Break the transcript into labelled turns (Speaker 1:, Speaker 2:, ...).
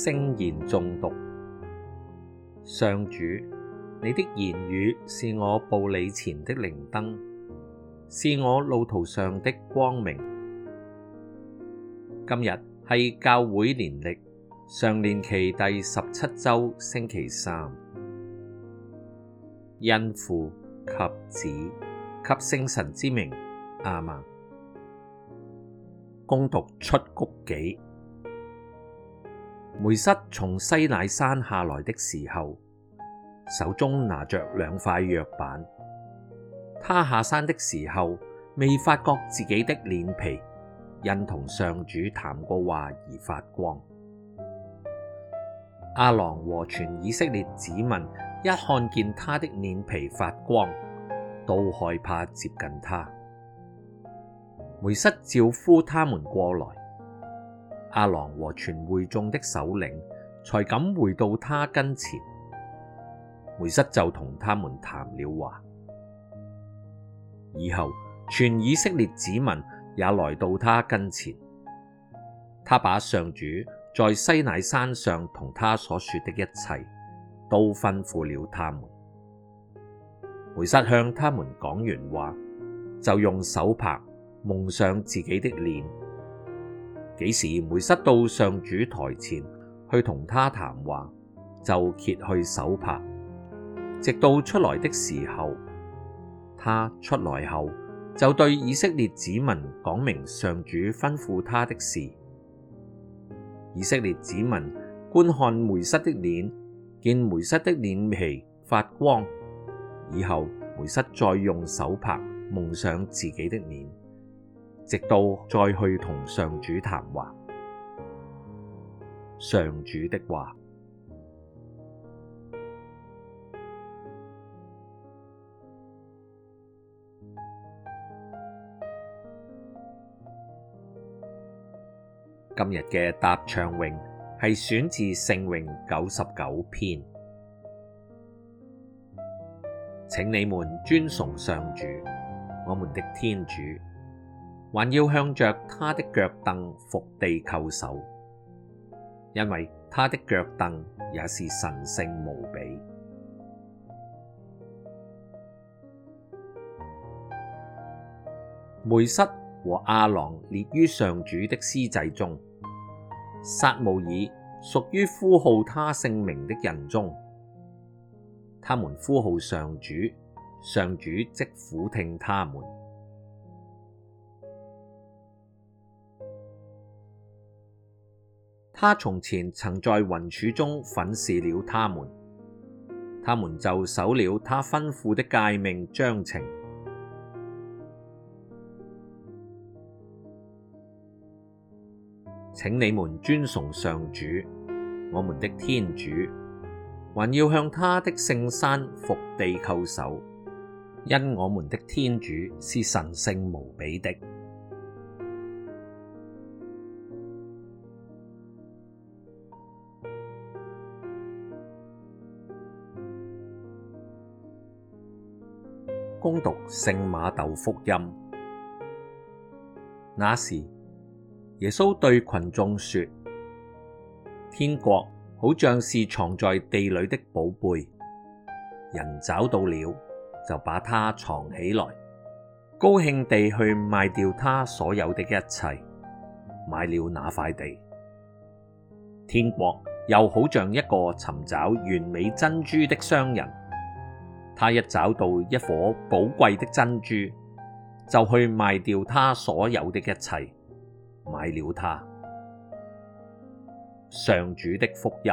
Speaker 1: 聖言誦讀。上主，你的言語是我步履前的靈燈，是我路途上的光明。今日係教會年曆常年期第十七周星期三，因父及子及聖神之名阿們。恭讀出谷紀。梅瑟從西乃山下來的時候，手中拿着兩塊約版。他下山的時候，未發覺自己的臉皮，因同上主談過話而發光。亞郎和全以色列子民一看見他的臉皮發光，都害怕接近他。梅瑟召呼他們過來。亞郎和全會眾的首領才敢回到他跟前，梅瑟就同他們談了話。以後全以色列子民也來到他跟前，他把上主在西乃山上同他所說的一切，都吩咐了他們。梅瑟向他們講完話，就用首帕蒙上自己的臉。幾時梅瑟到上主台前去同他談話，就揭去首帕，直到出來的時候。他出來後就對以色列子民講明上主吩咐他的事。以色列子民觀看梅瑟的臉，見梅瑟的臉皮發光。以後梅瑟再用首帕蒙上自己的臉。直到再去同上主談話，上主的話。今日嘅答唱詠係選自聖詠九十九篇，請你們尊崇上主，我們的天主。還要向着他的腳凳伏地叩首，因為他的腳凳也是神聖無比。梅瑟和亞郎列於上主的司祭中，撒慕爾屬於呼號他聖名的人中，他們呼號上主，上主即俯聽他們。他從前曾在雲柱中訓示了他們，他們就守了他吩咐的誡命章程。請你們尊崇上主，我們的天主，還要向他的聖山伏地叩首，因我們的天主是神聖無比的。恭讀聖馬竇福音。那時，耶穌對群眾說：天國好像是藏在地裏的寶貝，人找到了就把它藏起來，高興地去賣掉他所有的一切，買了那塊地。天國又好像一個尋找完美珍珠的商人。他一找到一顆寶貴的珍珠，就去賣掉他所有的一切，買了它。—上主的福音。